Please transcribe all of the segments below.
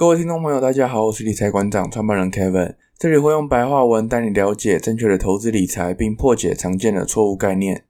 各位聽眾朋友，大家好，我是理財館長創辦人 Kevin，這裡會用白話文帶你了解正確的投資理財，並破解常見的錯誤概念。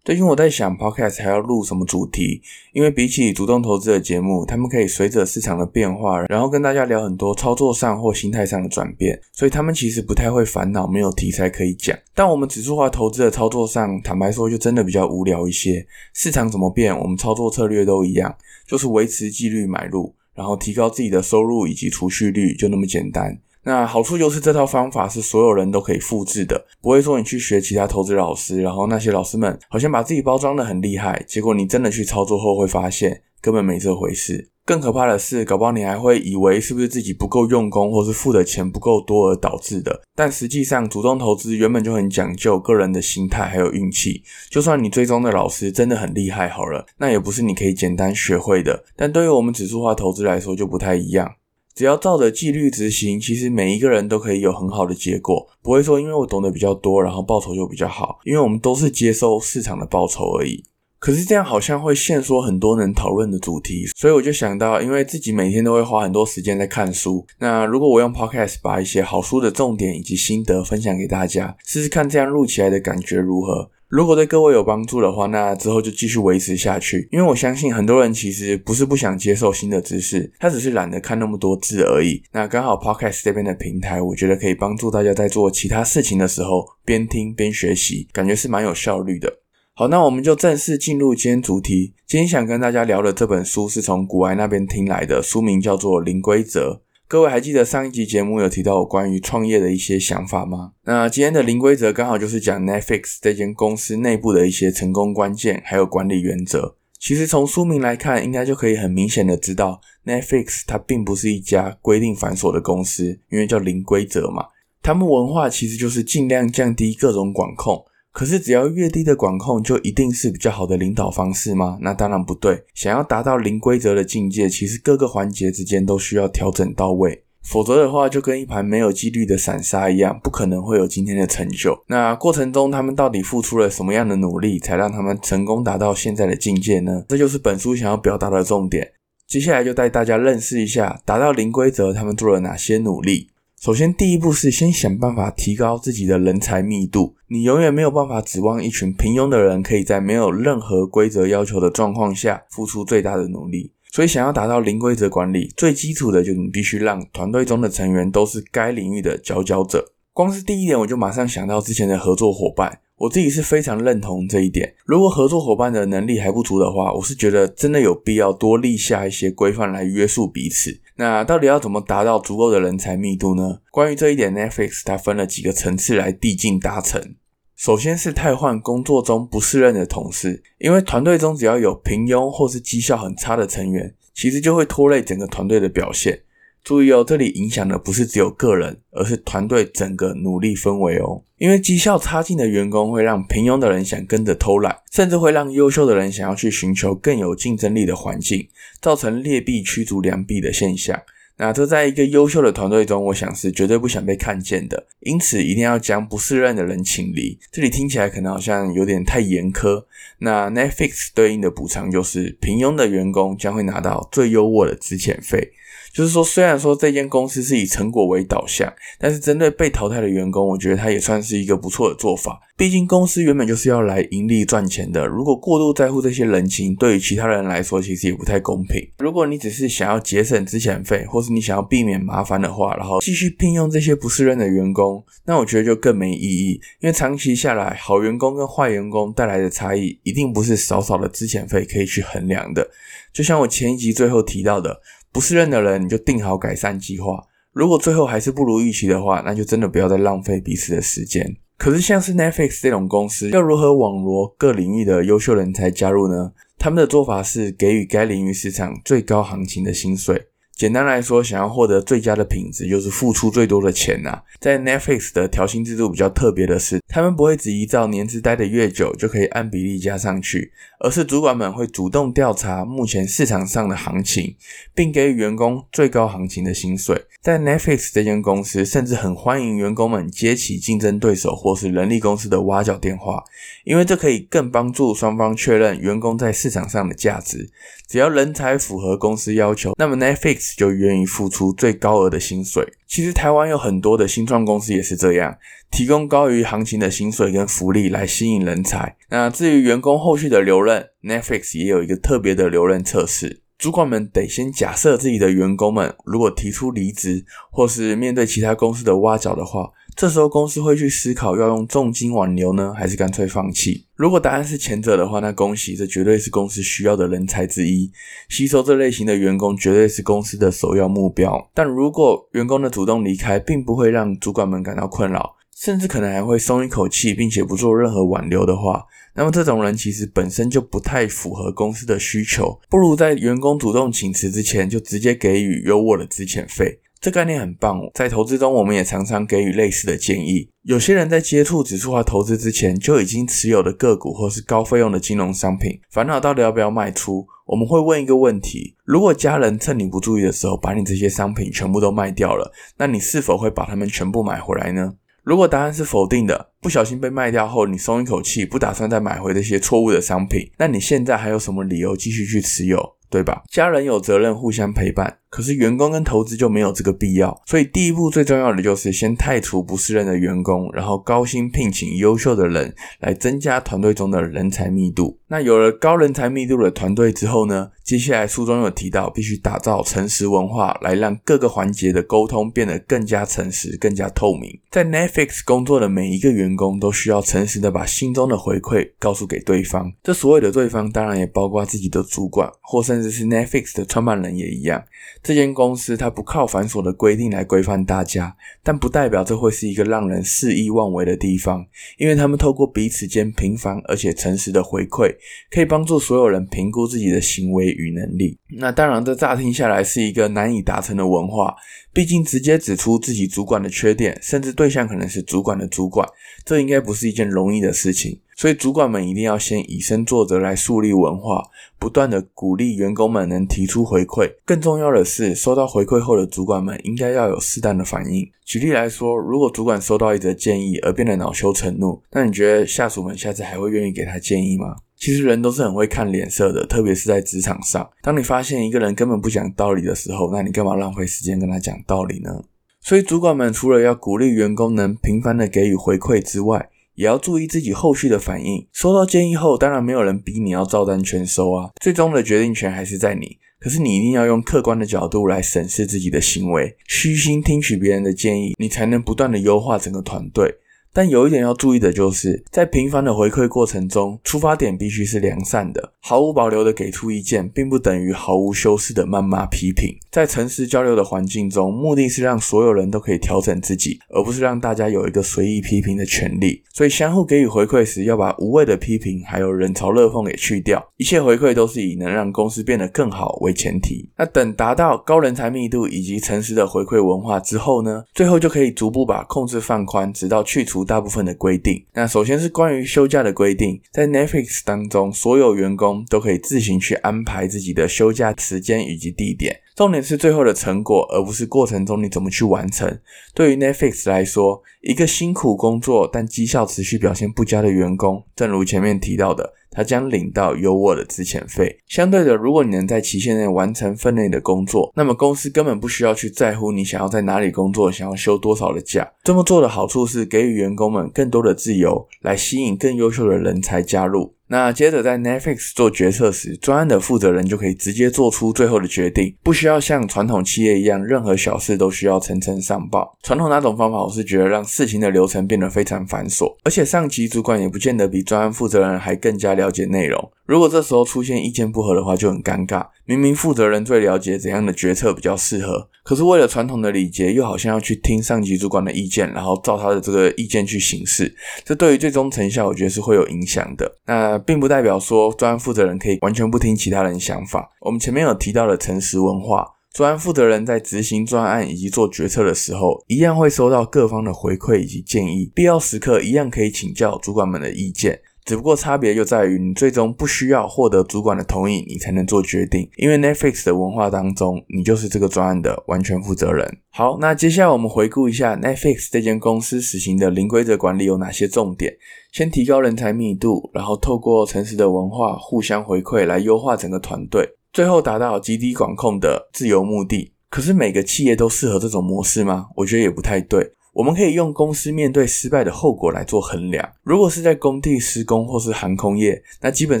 最近我在想 podcast 還要錄什麼主題？因為比起主動投資的節目，他們可以隨着市場的變化，然後跟大家聊很多操作上或心態上的轉變，所以他們其實不太會煩惱沒有題材可以講。但我們指數化投資的操作上，坦白說就真的比較無聊一些。市場怎麼變，我們操作策略都一樣，就是維持紀律買入。然後提高自己的收入以及儲蓄率，就那麼簡單。那好處就是這套方法是所有人都可以複製的，不會說你去學其他投資老師，然後那些老師們好像把自己包裝得很厲害，結果你真的去操作後會發現根本沒這回事。更可怕的是，搞不好你還會以為是不是自己不夠用功，或是付的錢不夠多而導致的。但實際上，主動投資原本就很講究個人的心態還有運氣。就算你追蹤的老師真的很厲害，好了，那也不是你可以簡單學會的。但對於我們指數化投資來說，就不太一樣。只要照着紀律執行，其實每一個人都可以有很好的結果，不會說因為我懂得比較多，然後報酬就比較好，因為我們都是接受市場的報酬而已。可是這樣好像會限縮很多人討論的主題，所以我就想到，因為自己每天都會花很多時間在看書，那如果我用 podcast 把一些好書的重點以及心得分享給大家，試試看這樣錄起來的感覺如何？如果對各位有幫助的話，那之後就繼續維持下去。因為我相信很多人其實不是不想接受新的知識，他只是懶得看那麼多字而已。那剛好 podcast 這邊的平台，我覺得可以幫助大家在做其他事情的時候邊聽邊學習，感覺是蠻有效率的。好，那我們就正式進入今天主題。今天想跟大家聊的這本書是從古埃那邊聽來的，書名叫做《零規則》。各位還記得上一集節目有提到有關於創業的一些想法嗎？那今天的《零規則》剛好就是講 Netflix 這間公司內部的一些成功關鍵，還有管理原則。其實從書名來看，應該就可以很明顯的知道，Netflix 它並不是一家規定繁瑣的公司，因為叫零規則嘛。他們文化其實就是儘量降低各種管控。可是，只要越低的管控，就一定是比較好的領導方式嗎？那當然不對。想要達到零規則的境界，其實各個環節之間都需要調整到位，否則的話，就跟一盤沒有紀律的散沙一樣，不可能會有今天的成就。那過程中，他們到底付出了什麼樣的努力，才讓他們成功達到現在的境界呢？這就是本書想要表達的重點。接下來就帶大家認識一下，達到零規則，他們做了哪些努力。首先，第一步是先想辦法提高自己的人才密度。你永遠沒有辦法指望一群平庸的人可以在沒有任何規則要求的狀況下付出最大的努力。所以，想要達到零規則管理，最基礎的就是你必須讓團隊中的成員都是該領域的佼佼者。光是第一點，我就馬上想到之前的合作伙伴。我自己是非常認同這一點。如果合作伙伴的能力還不足的話，我是覺得真的有必要多立下一些規範來約束彼此。那到底要怎麼達到足夠的人才密度呢？關於這一點，Netflix 它分了幾個層次來遞進達成。首先是汰換工作中不適任的同事，因為團隊中只要有平庸或是績效很差的成員，其實就會拖累整個團隊的表現。注意哦，這裡影響的不是只有個人，而是團隊整個努力氛圍哦。因為績效差勁的員工會讓平庸的人想跟着偷懶，甚至會讓優秀的人想要去尋求更有競爭力的環境，造成劣幣驅逐良幣的現象。那這在一個優秀的團隊中，我想是絕對不想被看見的。因此，一定要將不適任的人請離。這裡聽起來可能好像有點太嚴苛。那 Netflix 對應的補償就是平庸的員工將會拿到最優渥的資遣費。就是說，雖然說這間公司是以成果為導向，但是針對被淘汰的員工，我覺得他也算是一個不錯的做法。畢竟公司原本就是要來盈利賺錢的，如果過度在乎這些人情，對於其他人來說其實也不太公平。如果你只是想要節省資遣費，或是你想要避免麻煩的話，然後繼續聘用這些不適任的員工，那我覺得就更沒意義。因為長期下來，好員工跟壞員工帶來的差異，一定不是少少的資遣費可以去衡量的。就像我前一集最後提到的。不是適任的人，你就定好改善計劃。如果最後還是不如預期的話，那就真的不要再浪費彼此的時間。可是像是 Netflix 這種公司，要如何網羅各領域的優秀人才加入呢？他們的做法是給予該領域市場最高行情的薪水。簡單來說，想要獲得最佳的品質，就是付出最多的錢吶、啊。在 Netflix 的調薪制度比較特別的是，他們不會只依照年資待得越久就可以按比例加上去。而是主管們會主動調查目前市場上的行情，並給予員工最高行情的薪水。在 Netflix 這間公司，甚至很歡迎員工們接起競爭對手或是人力公司的挖角電話，因為這可以更幫助雙方確認員工在市場上的價值。只要人才符合公司要求，那麼 Netflix 就願意付出最高額的薪水。其實台灣有很多的新創公司也是這樣，提供高於行情的薪水跟福利來吸引人才。那至於員工後續的留任，Netflix 也有一個特別的留任測試，主管們得先假設自己的員工們如果提出離職，或是面對其他公司的挖角的話，這時候公司會去思考要用重金挽留呢，還是乾脆放棄。如果答案是前者的話，那恭喜，這絕對是公司需要的人才之一，吸收這類型的員工絕對是公司的首要目標。但如果員工的主動離開並不會讓主管們感到困擾，甚至可能還會鬆一口氣，並且不做任何挽留的話。那麼這種人其實本身就不太符合公司的需求，不如在員工主動請辭之前就直接給予優渥的資遣費，這概、個、念很棒。在投資中，我們也常常給予類似的建議。有些人在接觸指數化投資之前就已經持有的個股或是高費用的金融商品，煩惱到底要不要賣出？我們會問一個問題：如果家人趁你不注意的時候把你這些商品全部都賣掉了，那你是否會把它們全部買回來呢？如果答案是否定的，不小心被賣掉後，你鬆一口氣，不打算再買回這些錯誤的商品，那你現在還有什麼理由繼續去持有？對吧？家人有責任互相陪伴，可是員工跟投資就沒有這個必要。所以第一步最重要的就是先汰除不適任的員工，然後高薪聘請優秀的人來增加團隊中的人才密度。那有了高人才密度的團隊之後呢？接下來書中有提到，必須打造誠實文化，來讓各個環節的溝通變得更加誠實、更加透明。在 Netflix 工作的每一個員工都需要誠實的把心中的回饋告訴給對方。這所謂的對方，當然也包括自己的主管，或甚至是 Netflix 的創辦人也一樣，這間公司它不靠繁瑣的規定來規範大家，但不代表這會是一個讓人肆意妄為的地方，因為他們透過彼此間頻繁而且誠實的回饋，可以幫助所有人評估自己的行為與能力。那當然，這乍聽下來是一個難以達成的文化，畢竟直接指出自己主管的缺點，甚至對象可能是主管的主管，這應該不是一件容易的事情。所以，主管們一定要先以身作則來樹立文化，不斷的鼓勵員工們能提出回饋。更重要的是，收到回饋後的主管們應該要有適當的反應。舉例來說，如果主管收到一則建議而變得惱羞成怒，那你覺得下屬們下次還會願意給他建議嗎？其實人都是很會看臉色的，特別是在職場上。當你發現一個人根本不講道理的時候，那你幹嘛浪費時間跟他講道理呢？所以，主管們除了要鼓勵員工能頻繁的給予回饋之外，也要注意自己後續的反應。收到建議後，當然沒有人逼你要照單全收啊，最終的決定權還是在你。可是你一定要用客觀的角度來審視自己的行為，虛心聽取別人的建議，你才能不斷的優化整個團隊。但有一點要注意的就是，在頻繁的回饋過程中，出發點必須是良善的，毫無保留的給出意見，並不等於毫無修飾的謾罵批評。在誠實交流的環境中，目的是讓所有人都可以調整自己，而不是讓大家有一個隨意批評的權利。所以，相互給予回饋時，要把無謂的批評還有冷嘲熱諷給去掉。一切回饋都是以能讓公司變得更好為前提。那等達到高人才密度以及誠實的回饋文化之後呢？最後就可以逐步把控制放寬，直到去除。大部分的規定。那首先是關於休假的規定，在 Netflix 當中，所有員工都可以自行去安排自己的休假時間以及地點。重點是最後的成果，而不是過程中你怎麼去完成。對於 Netflix 來說，一個辛苦工作但績效持續表現不佳的員工，正如前面提到的。他將領到優渥的資遣費。相對的，如果你能在期限內完成分內的工作，那麼公司根本不需要去在乎你想要在哪裡工作，想要休多少的假。這麼做的好處是給予員工們更多的自由，來吸引更優秀的人才加入。那接着在 Netflix 做決策時，專案的負責人就可以直接做出最後的決定，不需要像傳統企業一樣，任何小事都需要層層上報。傳統那種方法，我是覺得讓事情的流程變得非常繁瑣，而且上級主管也不見得比專案負責人還更加了解內容。如果這時候出現意見不合的話，就很尷尬。明明負責人最了解怎樣的決策比較適合，可是為了傳統的禮節，又好像要去聽上級主管的意見，然後照他的這個意見去行事。這對於最終成效，我覺得是會有影響的。那並不代表說專案負責人可以完全不聽其他人想法。我們前面有提到的誠實文化，專案負責人在執行專案以及做決策的時候，一樣會收到各方的回饋以及建議，必要時刻一樣可以請教主管們的意見。只不過差別就在於，你最終不需要獲得主管的同意，你才能做決定。因為 Netflix 的文化當中，你就是這個專案的完全負責人。好，那接下來我們回顧一下 Netflix 這間公司實行的零規則管理有哪些重點：先提高人才密度，然後透過誠實的文化互相回饋來優化整個團隊，最後達到極低管控的自由目的。可是每個企業都適合這種模式嗎？我覺得也不太對。我們可以用公司面對失敗的後果來做衡量。如果是在工地施工或是航空業，那基本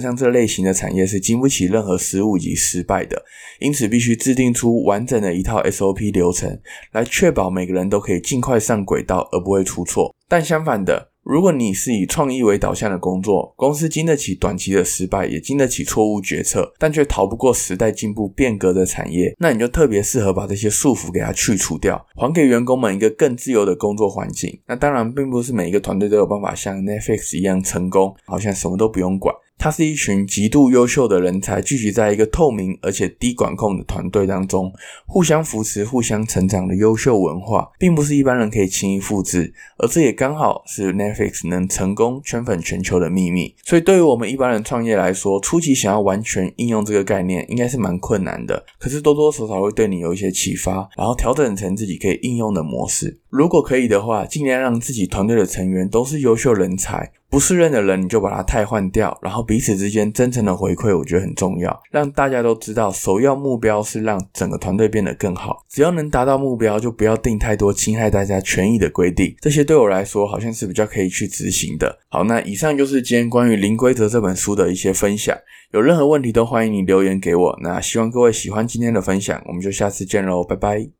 上這類型的產業是經不起任何失誤以及失敗的，因此必須制定出完整的一套 SOP 流程，來確保每個人都可以盡快上軌道而不會出錯。但相反的，如果你是以創意為導向的工作，公司經得起短期的失敗，也經得起錯誤決策，但卻逃不過時代進步變革的產業，那你就特別適合把這些束縛給它去除掉，還給員工們一個更自由的工作環境。那當然，並不是每一個團隊都有辦法像 Netflix 一樣成功，好像什麼都不用管。它是一群極度優秀的人才聚集在一個透明而且低管控的團隊當中，互相扶持、互相成長的優秀文化，並不是一般人可以輕易複製，而這也剛好是 Netflix 能成功圈粉全球的秘密。所以，對於我們一般人創業來說，初期想要完全應用這個概念，應該是蠻困難的。可是多多少少會對你有一些啟發，然後調整成自己可以應用的模式。如果可以的話，盡量讓自己團隊的成員都是優秀人才。不適任的人，你就把它汰換掉。然後彼此之間真誠的回饋，我覺得很重要，讓大家都知道，首要目標是讓整個團隊變得更好。只要能達到目標，就不要定太多侵害大家權益的規定。這些對我來說，好像是比較可以去執行的。好，那以上就是今天關於《零規則》這本書的一些分享。有任何問題都歡迎你留言給我。那希望各位喜歡今天的分享，我們就下次見嘍，拜拜。